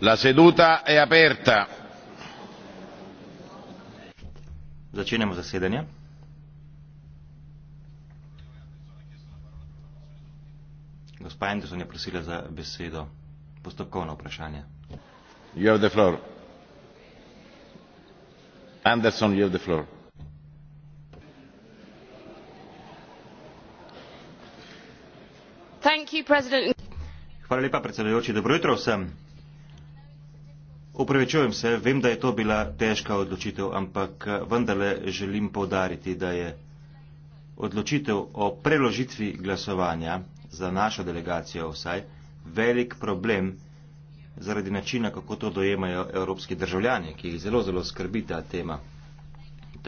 la seduta è aperta začenjamo zasedanje gospa Anderson je prosila za besedo postopkovno vprašanje you have the floor Anderson you have the floor Thank you, President. Hvala lepa predsedujoči, dobro jutro vsem. Upravičujem se, vem, da je to bila težka odločitev, ampak eh, vendarle želim povdariti, da je odločitev o preložitvi glasovanja za našo delegacijo vsaj velik problem zaradi načina, kako to dojemajo evropski državljani, ki jih zelo, zelo skrbi ta tema.